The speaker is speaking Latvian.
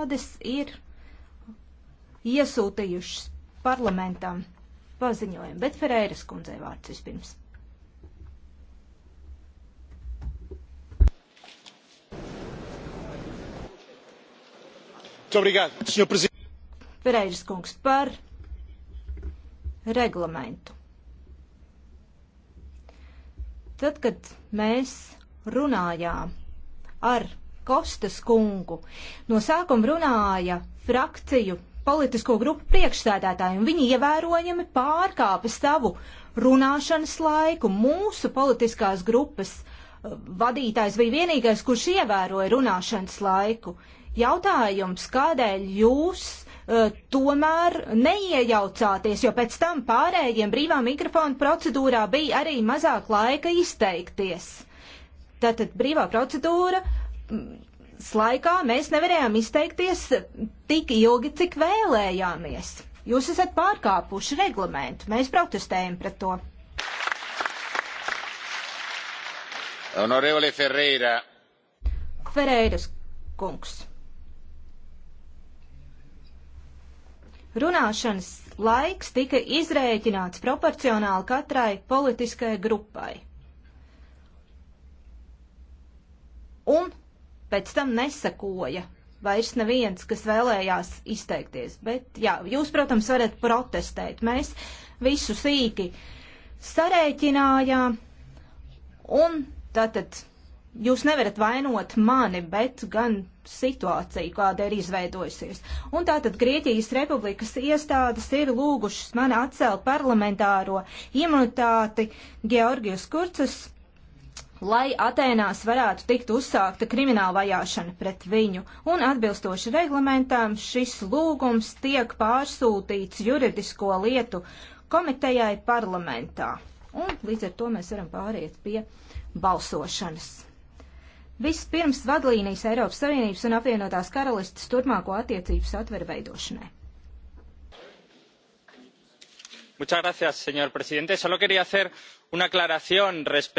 iestādes ir iesūtījušas parlamentam paziņojumu, bet Ferēras kundzei vārds vispirms. Ferēras kungs par reglamentu. Tad, kad mēs runājām ar Kostas kungu. No sākuma runāja frakciju politisko grupu priekšsēdētāji, un viņi ievērojami pārkāpa savu runāšanas laiku. Mūsu politiskās grupas uh, vadītājs bija vienīgais, kurš ievēroja runāšanas laiku. Jautājums, kādēļ jūs uh, tomēr neiejaucāties, jo pēc tam pārējiem brīvā mikrofona procedūrā bija arī mazāk laika izteikties. Tātad brīvā procedūra uh, laikā mēs nevarējām izteikties tik ilgi, cik vēlējāmies. Jūs esat pārkāpuši reglamentu. Mēs protestējam pret to. Honorevole Ferreira. Ferreiras kungs. Runāšanas laiks tika izrēķināts proporcionāli katrai politiskajai grupai. Un pēc tam nesakoja vairs neviens, kas vēlējās izteikties. Bet, jā, jūs, protams, varat protestēt. Mēs visu sīki sarēķinājām, un tātad jūs nevarat vainot mani, bet gan situāciju, kāda ir izveidojusies. Un tātad Grieķijas republikas iestādes ir lūgušas mani atcelt parlamentāro imunitāti Georgijas Kurcas lai Atēnās varētu tikt uzsākta krimināla vajāšana pret viņu, un atbilstoši reglamentām šis lūgums tiek pārsūtīts juridisko lietu komitejai parlamentā. Un līdz ar to mēs varam pāriet pie balsošanas. Vispirms vadlīnijas Eiropas Savienības un apvienotās karalistes turpmāko attiecību satveru veidošanai. Muchas gracias, señor presidente. Solo quería hacer una aclaración respecto.